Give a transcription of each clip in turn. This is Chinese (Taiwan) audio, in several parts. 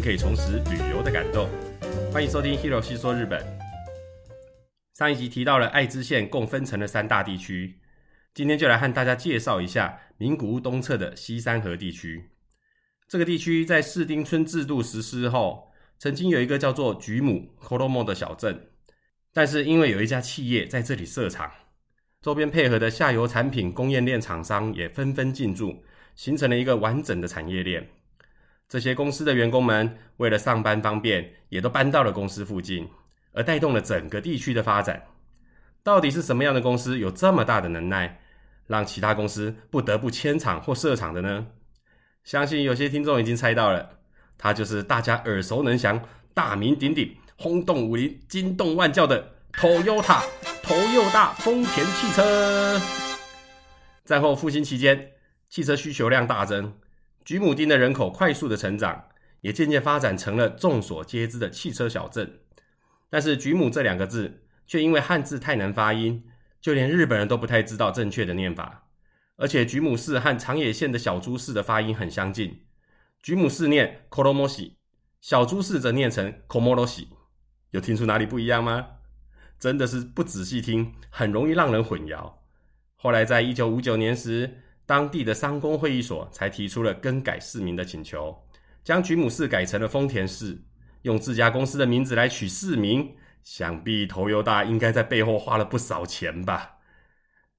可以重拾旅遊的感動。歡迎收聽《Hiro 細說日本》。上一集提到了愛知縣共分成了三大地區，今天就來和大家介紹一下名古屋東側的西三河地區。這個地區在市町村制度實施後，曾經有一個叫做菊母 Koromo 的小鎮，但是因為有一家企業在這裡設廠，周邊配合的下游產品供應鏈廠商也紛紛進駐，形成了一個完整的產業鏈。這些公司的員工們為了上班方便，也都搬到了公司附近，而帶動了整個地區的發展。到底是什麼樣的公司有這麼大的能耐，讓其他公司不得不遷廠或設廠的呢？相信有些聽眾已經猜到了，它就是大家耳熟能詳、大名鼎鼎、轟動武林、驚動萬教的 Toyota、頭又大——豐田汽車。戰後復興期間，汽車需求量大增。舉母町的人口快速的成長，也漸漸發展成了眾所皆知的汽車小鎮。但是“舉母”這兩個字，卻因為漢字太難發音，就連日本人都不太知道正確的念法。而且舉母市和長野縣的小諸市的發音很相近，舉母市念 Koromoshi，小諸市則念成 Komoroshi。有聽出哪裡不一樣嗎？真的是不仔細聽，很容易讓人混淆。後來在一九五九年時，當地的商工會議所才提出了更改市名的請求，將舉母市改成了豐田市，用自家公司的名字來取市名，想必頭又大，應該在背後花了不少錢吧。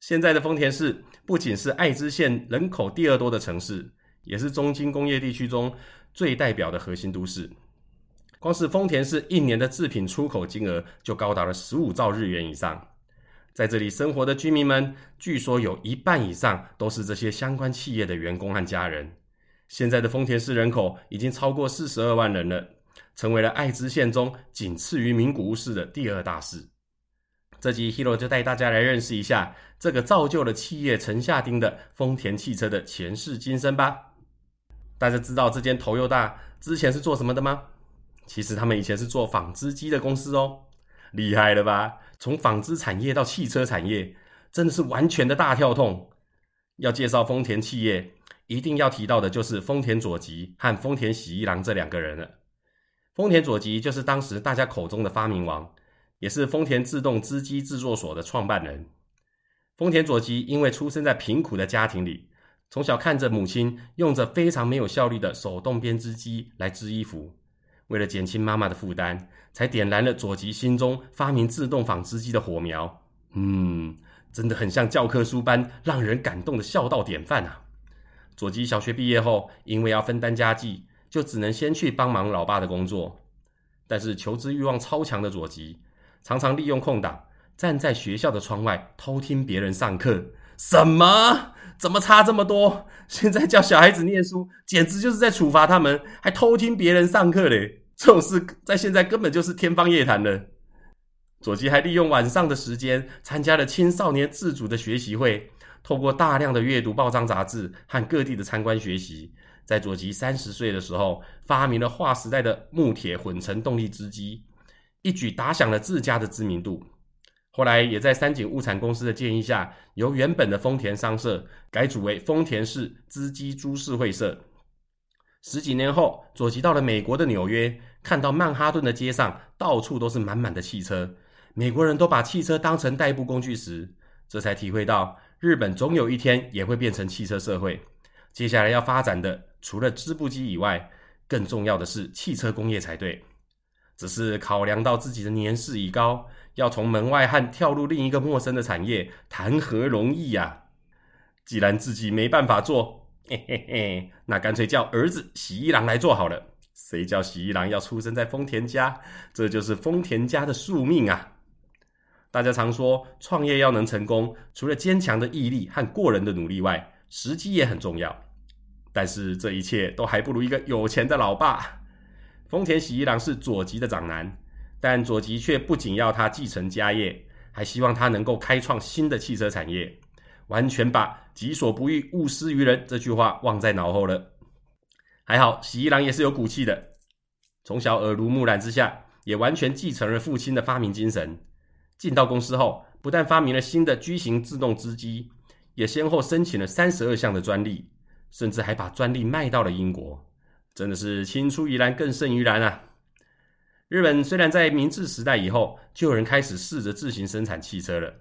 現在的豐田市不僅是愛知縣人口第二多的城市，也是中京工業地區中最代表的核心都市。光是豐田市一年的製品出口金額就高達了十五兆日元以上。在這裡生活的居民們，據說有一半以上都是這些相關企業的員工和家人。現在的豐田市人口已經超過四十二萬人了，成為了愛知縣中僅次於名古屋市的第二大市。這集 Hiro 就帶大家來認識一下這個造就了企業城下町的豐田汽車的前世今生吧。大家知道這間 Toyota 之前是做什麼的嗎？其實他們以前是做紡織機的公司哦，厲害了吧？從紡織產業到汽車產業，真的是完全的大跳動。要介紹豐田企業，一定要提到的就是豐田佐吉和豐田喜一郎這兩個人了。豐田佐吉就是當時大家口中的發明王，也是豐田自動織機製作所的創辦人。豐田佐吉因為出生在貧苦的家庭裡，從小看着母親用着非常沒有效率的手動編織機來織衣服。為了減輕媽媽的負擔，才點燃了佐吉心中發明自動紡織機的火苗。嗯，真的很像教科書般讓人感動的孝道典範啊！佐吉小學畢業後，因為要分擔家計，就只能先去幫忙老爸的工作。但是求知欲望超強的佐吉，常常利用空檔站在學校的窗外偷聽別人上課。什麼？怎麼差這麼多？現在叫小孩子念書，簡直就是在處罰他們，還偷聽別人上課嘞！這種事在現在根本就是天方夜譚了。佐吉還利用晚上的時間參加了青少年自主的學習會，透過大量的閱讀報章雜誌和各地的參觀學習，在佐吉三十歲的時候發明了劃時代的木鐵混成動力織機，一舉打響了自家的知名度。後來也在三井物產公司的建議下，由原本的豐田商社改組為豐田式織機株式會社。十幾年後，佐吉到了美國的紐約，看到曼哈頓的街上到處都是滿滿的汽車，美國人都把汽車當成代步工具時，這才體會到日本總有一天也會變成汽車社會。接下來要發展的，除了織布機以外，更重要的是汽車工業才對。只是考量到自己的年事已高，要從門外漢跳入另一個陌生的產業，談何容易呀、啊？既然自己沒辦法做。嘿嘿嘿，那乾脆叫兒子喜一郎來做好了。誰叫喜一郎要出生在豐田家，這就是豐田家的宿命啊！大家常說，創業要能成功，除了堅強的毅力和過人的努力外，時機也很重要。但是這一切都還不如一個有錢的老爸。豐田喜一郎是佐吉的長男，但佐吉却不僅要他繼承家業，還希望他能夠開創新的汽車產業。完全把“己所不欲，勿施於人”這句話忘在腦後了。還好，喜一郎也是有骨氣的。從小耳濡目染之下，也完全繼承了父親的發明精神。進到公司後，不但發明了新的矩形自動織機，也先後申請了三十二項的專利，甚至還把專利賣到了英國。真的是青出於藍，更勝於藍啊！日本雖然在明治時代以後，就有人開始試着自行生產汽車了。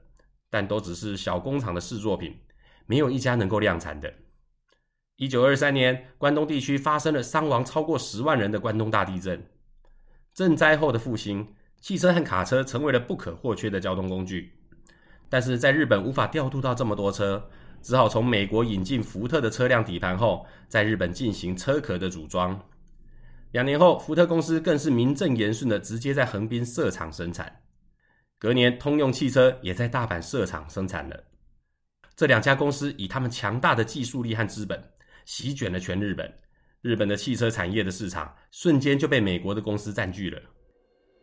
但都只是小工廠的試作品，沒有一家能夠量產的。一九二三年，關東地區發生了傷亡超過十萬人的關東大地震。震災後的復興，汽車和卡車成為了不可或缺的交通工具。但是在日本無法調度到這麼多車，只好從美國引進福特的車輛底盤後，在日本進行車殼的組裝。兩年後，福特公司更是名正言順的直接在橫濱設廠生產。隔年，通用汽車也在大阪設廠生產了。這兩家公司以他們強大的技術力和資本，席捲了全日本。日本的汽車產業的市場瞬間就被美國的公司佔據了。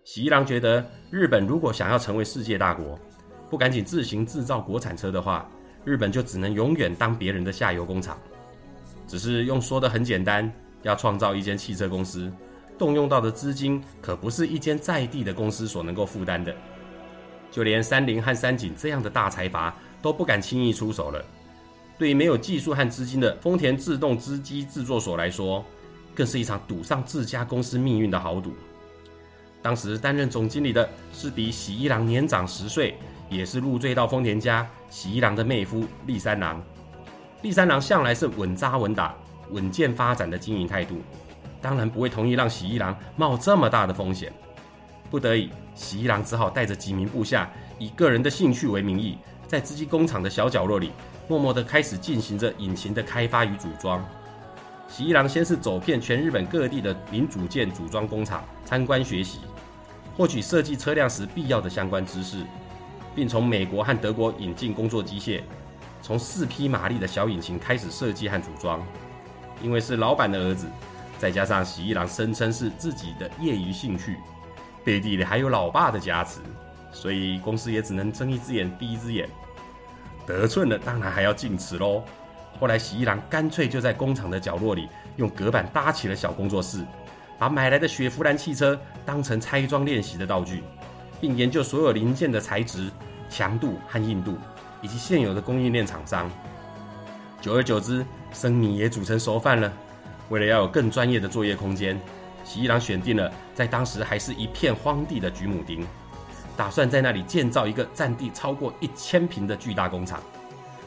喜一郎覺得，日本如果想要成為世界大國，不趕緊自行製造國產車的話，日本就只能永遠當別人的下游工廠。只是用說的很簡單，要創造一間汽車公司，動用到的資金可不是一間在地的公司所能夠負擔的。就連三菱和三井這樣的大財閥都不敢輕易出手了。對於沒有技術和資金的豐田自動織機制作所來說，更是一場賭上自家公司命運的豪賭。當時擔任總經理的是比喜一郎年長十歲，也是入贅到豐田家喜一郎的妹夫利三郎。利三郎，利三郎向來是穩扎穩打、穩健發展的經營態度，當然不會同意讓喜一郎冒這麼大的風險。不得已。喜一郎只好帶着幾名部下，以個人的興趣為名義，在織機工廠的小角落裡，默默地開始進行着引擎的開發與組裝。喜一郎先是走遍全日本各地的零組件組裝工廠參觀學習，獲取設計車輛時必要的相關知識，並從美國和德國引進工作機械，從四匹馬力的小引擎開始設計和組裝。因為是老板的兒子，再加上喜一郎聲稱是自己的業餘興趣。背地裡還有老爸的加持，所以公司也只能睜一隻眼閉一隻眼。得寸了當然還要進尺嘍。後來喜一郎乾脆就在工廠的角落裡用隔板搭起了小工作室，把買來的雪佛蘭汽車當成拆裝練習的道具，並研究所有零件的材質、強度和硬度，以及現有的供應鏈廠商。久而久之，生米也煮成熟飯了。為了要有更專業的作業空間。喜一郎選定了在當時還是一片荒地的舉母町，打算在那裡建造一個占地超過一千坪的巨大工廠。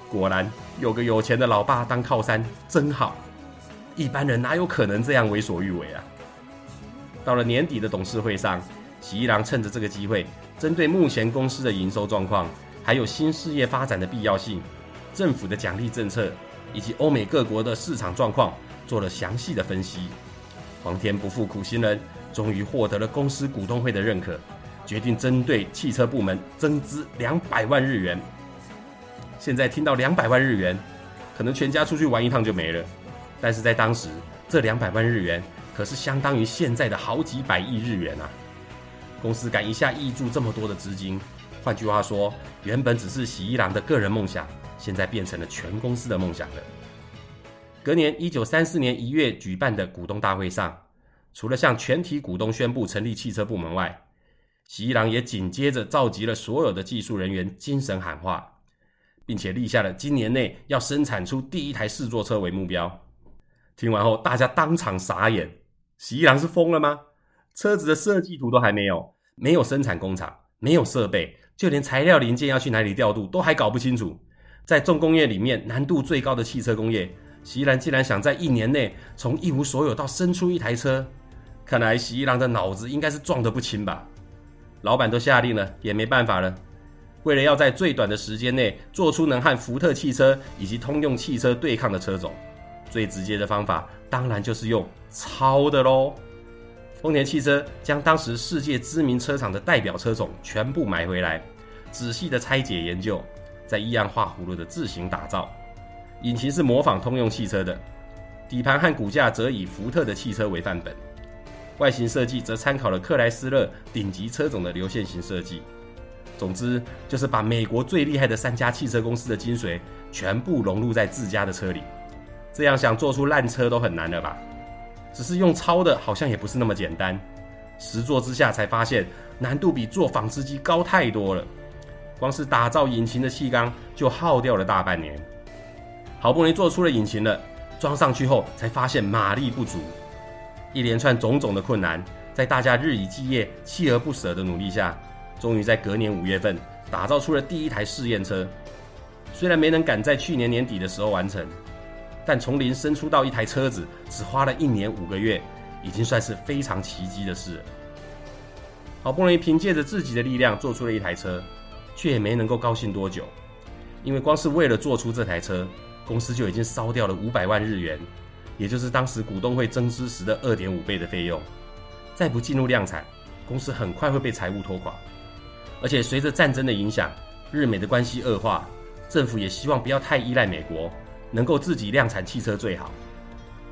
果然，有個有錢的老爸當靠山，真好。一般人哪有可能這樣為所欲為啊？到了年底的董事會上，喜一郎趁着這個機會，針對目前公司的營收狀況，還有新事業發展的必要性、政府的獎勵政策以及歐美各國的市場狀況，做了詳細的分析。黃皇天不負苦心人，終於獲得了公司股東會的認可，決定針對汽車部門增資兩百萬日元。現在聽到兩百萬日元，可能全家出去玩一趟就沒了。但是在當時，這兩百萬日元可是相當於現在的好幾百億日元啊！公司敢一下挹注這麼多的資金，換句話說，原本只是喜一郎的個人夢想，現在變成了全公司的夢想了。隔年，一九三四年一月舉辦的股東大會上，除了向全體股東宣布成立汽車部門外，喜一郎也緊接着召集了所有的技術人員，精神喊話，並且立下了今年內要生產出第一台試作車為目標。聽完後，大家當場傻眼：喜一郎是瘋了嗎？車子的設計圖都還沒有，沒有生產工廠，沒有設備，就連材料零件要去哪裡調度都還搞不清楚。在重工業裡面，難度最高的汽車工業。喜一郎竟然想在一年內從一無所有到生出一台車，看來喜一郎的腦子應該是撞得不輕吧。老板都下令了，也沒辦法了。為了要在最短的時間內做出能和福特汽車以及通用汽車對抗的車種，最直接的方法當然就是用抄的嘍。豐田汽車將當時世界知名車廠的代表車種全部買回來，仔細的拆解研究，依樣畫葫蘆的自行打造。引擎是模仿通用汽車的，底盤和骨架則以福特的汽車為範本，外形設計則參考了克萊斯勒頂級車種的流線型設計。總之，就是把美國最厲害的三家汽車公司的精髓全部融入在自家的車裡，這樣想做出爛車都很難了吧？只是用抄的，好像也不是那麼簡單。實作之下才發現，難度比做紡織機高太多了。光是打造引擎的氣缸就耗掉了大半年。好不容易做出了引擎了，裝上去後才發現馬力不足。一連串種種的困難，在大家日以繼夜、鍥而不舍的努力下，終於在隔年五月份打造出了第一台試驗車。雖然沒能趕在去年年底的時候完成，但從零生出到一台車子，只花了一年五個月，已經算是非常奇蹟的事了。好不容易憑借着自己的力量做出了一台車，卻也沒能夠高興多久，因為光是為了做出這台車。公司就已經燒掉了五百萬日元，也就是當時股東會增資時的二點五倍的費用。再不進入量產，公司很快會被財務拖垮。而且隨着戰爭的影響，日美的關係惡化，政府也希望不要太依賴美國，能夠自己量產汽車最好，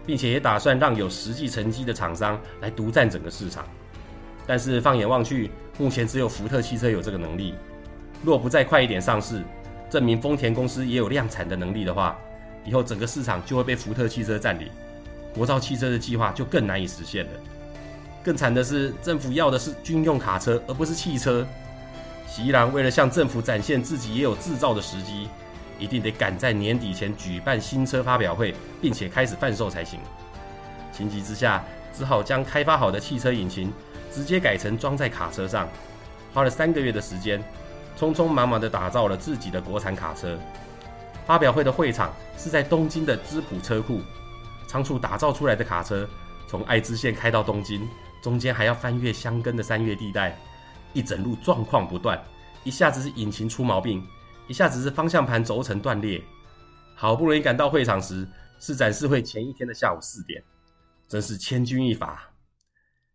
並且也打算讓有實際成績的廠商來獨佔整個市場。但是放眼望去，目前只有福特汽車有這個能力。若不再快一點上市，證明豐田公司也有量產的能力的話，以後整個市場就會被福特汽車占領，國造汽車的計劃就更難以實現了。更慘的是，政府要的是軍用卡車，而不是汽車。喜一郎為了向政府展現自己也有制造的時機，一定得趕在年底前舉辦新車發表會，並且開始販售才行。情急之下，只好將開發好的汽車引擎直接改成裝在卡車上，花了三個月的時間，匆匆忙忙地打造了自己的國產卡車。發表會的會場是在東京的芝浦車庫，倉促打造出來的卡車從愛知縣開到東京，中間還要翻越箱根的山岳地帶，一整路狀況不斷，一下子是引擎出毛病，一下子是方向盤軸承斷裂，好不容易趕到會場時是展示會前一天的下午四點，真是千鈞一髮，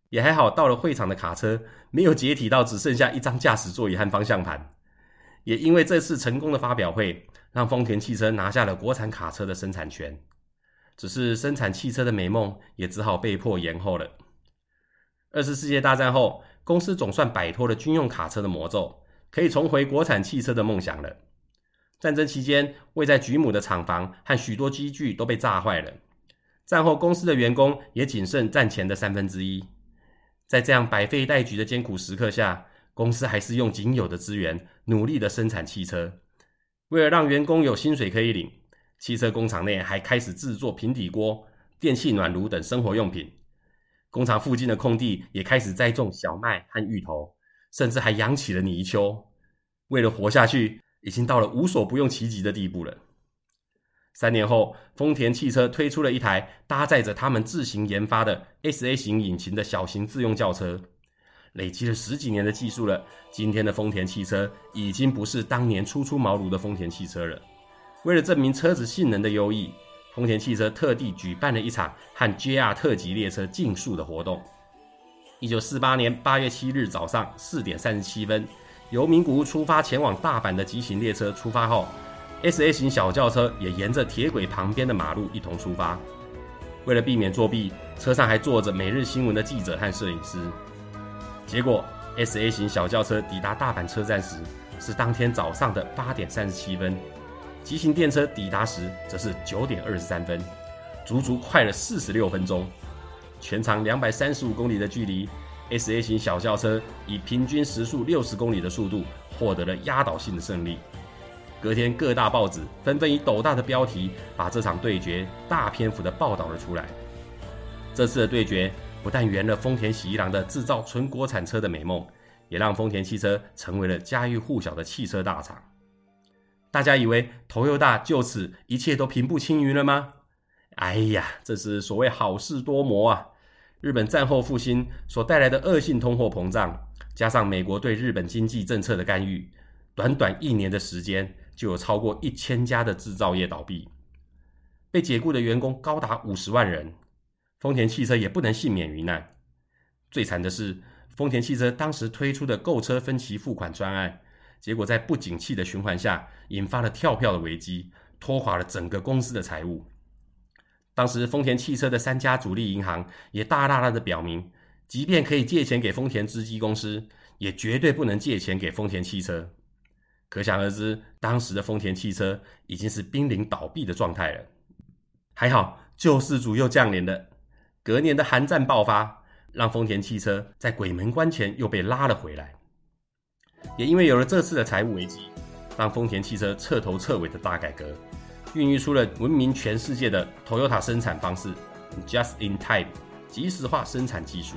也還好到了會場的卡車沒有解體到只剩下一張駕駛座椅和方向盤，也因為這次成功的發表會。讓豐田汽車拿下了國產卡車的生產權，只是生產汽車的美夢也只好被迫延後了。二次世界大戰後，公司總算擺脫了軍用卡車的魔咒，可以重回國產汽車的夢想了。戰爭期間，位在舉母的廠房和許多機具都被炸壞了，戰後公司的員工也僅剩戰前的三分之一。在這樣百廢待舉的艱苦時刻下，公司還是用僅有的資源努力的生產汽車。為了讓員工有薪水可以領，汽車工廠內還開始制作平底鍋、電氣暖爐等生活用品。工廠附近的空地也開始栽種小麥和芋頭，甚至還養起了泥鰍。為了活下去，已經到了無所不用其極的地步了。三年後，豐田汽車推出了一台搭載着他們自行研發的 SA 型引擎的小型自用轎車。累積了十幾年的技術了，今天的豐田汽車已經不是當年初出茅廬的豐田汽車了。為了證明車子性能的優異，豐田汽車特地舉辦了一場和 JR 特急列車競速的活動。一九四八年八月七日早上四點三十七分，由名古屋出發前往大阪的急行列車出發後，SA 型小轎車也沿着鐵軌旁邊的馬路一同出發。為了避免作弊，車上還坐着每日新聞的記者和攝影師。結果，S A 型小轎車抵達大阪車站時是當天早上的八點三十七分，急行電車抵達時則是九點二十三分，足足快了四十六分鐘。全長兩百三十五公里的距離，S A 型小轎車以平均時速六十公里的速度獲得了壓倒性的勝利。隔天，各大報紙紛紛以斗大的標題把這場對決大篇幅的報道了出來。這次的對決。不但圓了豐田喜一郎的制造純國產車的美夢，也讓豐田汽車成為了家喻戶曉的汽車大廠。大家以為頭又大，就此一切都平步青雲了嗎？哎呀，這是所謂好事多磨啊！日本戰後復興所帶來的惡性通貨膨脹，加上美國對日本經濟政策的干預，短短一年的時間就有超過一千家的制造業倒閉，被解雇的員工高達五十萬人。豐田汽車也不能幸免於難。最慘的是，豐田汽車當時推出的購車分期付款專案，結果在不景氣的循環下，引發了跳票的危機，拖垮了整個公司的財務。當時，豐田汽車的三家主力銀行也大大的表明，即便可以借錢給豐田織機公司，也絕對不能借錢給豐田汽車。可想而知，當時的豐田汽車已經是瀕臨倒閉的狀態了。還好，救世主又降臨了。隔年的韓戰爆發，讓豐田汽車在鬼門關前又被拉了回來。也因為有了這次的財務危機，讓豐田汽車徹頭徹尾的大改革，孕育出了聞名全世界的 Toyota 生產方式 （Just in time，即時化生產技術），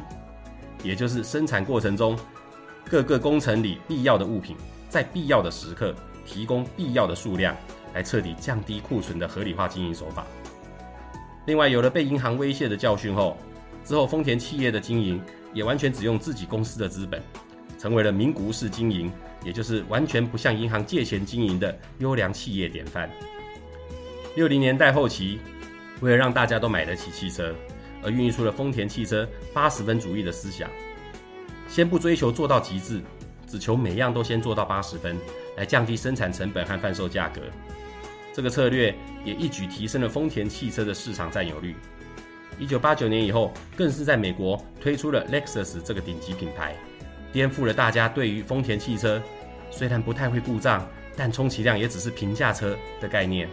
也就是生產過程中各個工程裡必要的物品，在必要的時刻提供必要的數量，來徹底降低庫存的合理化經營手法。另外，有了被銀行威脅的教訓後，之後豐田企業的經營也完全只用自己公司的資本，成為了名古屋式經營，也就是完全不向銀行借錢經營的優良企業典範。六零年代後期，為了讓大家都買得起汽車，而孕育出了豐田汽車八十分主義的思想，先不追求做到極致，只求每樣都先做到八十分，來降低生產成本和販售價格。這個策略也一舉提升了豐田汽車的市場佔有率。一九八九年以後，更是在美國推出了 Lexus 這個頂級品牌，顛覆了大家對於豐田汽車雖然不太會故障，但充其量也只是平價車的概念。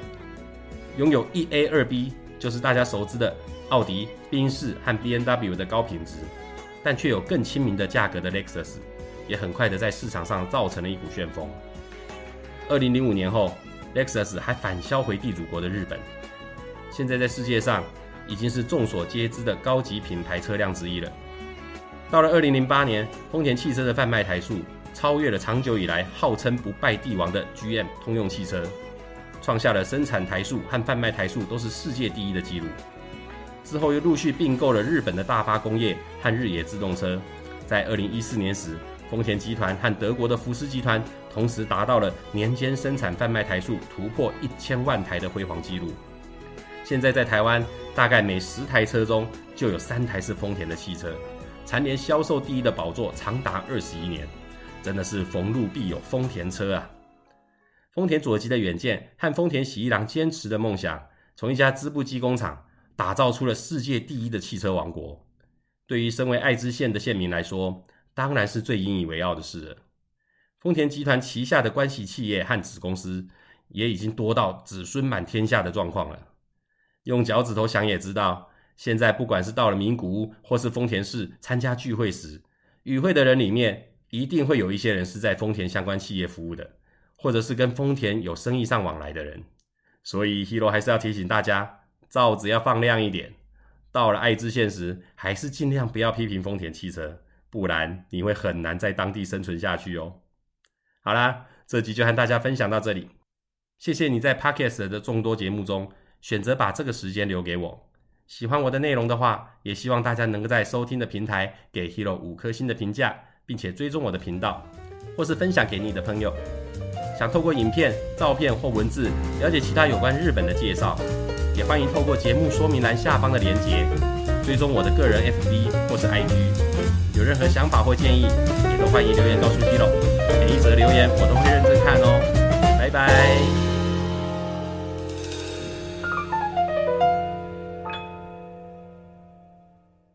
擁有一 A 二 B 就是大家熟知的奧迪、賓士和 BMW 的高品質，但卻有更親民的價格的 Lexus，也很快的在市場上造成了一股旋風。二零零五年後。Lexus 還返銷回地主國的日本，現在在世界上已經是眾所皆知的高級品牌車輛之一了。到了2008年，豐田汽車的販賣台數超越了長久以來號稱不敗帝王的 GM 通用汽車，創下了生產台數和販賣台數都是世界第一的紀錄。之後又陸續併購了日本的大發工業和日野自動車。在2014年時，豐田集團和德國的福斯集團，同時達到了年間生產販賣台數突破一千萬台的輝煌紀錄。現在在台灣，大概每十台車中就有三台是豐田的汽車，蟬聯銷售第一的寶座長達二十一年，真的是逢路必有豐田車啊！豐田佐吉的遠見和豐田喜一郎堅持的夢想，從一家織布機工廠打造出了世界第一的汽車王國。對於身為愛知縣的縣民來說，當然是最引以為傲的事了。豐田集團旗下的關係企業和子公司也已經多到子孫滿天下的狀況了。用腳趾頭想也知道，現在不管是到了名古屋或是豐田市參加聚會時，與會的人裡面一定會有一些人是在豐田相關企業服務的，或者是跟豐田有生意上往來的人。所以，Hiro 還是要提醒大家，罩子要放亮一點。到了愛知縣時，還是盡量不要批評豐田汽車，不然你會很難在當地生存下去哦。好啦，這集就和大家分享到這裡。謝謝你在 Podcast 的眾多節目中選擇把這個時間留給我。喜歡我的內容的話，也希望大家能夠在收聽的平台給 Hiro 五顆星的評價，並且追蹤我的頻道，或是分享給你的朋友。想透過影片、照片或文字了解其他有關日本的介紹，也歡迎透過節目說明欄下方的連結追蹤我的個人 FB 或是 IG。有任何想法或建議，也都歡迎留言告訴 Hiro。每一則留言我都會認真看哦，拜拜。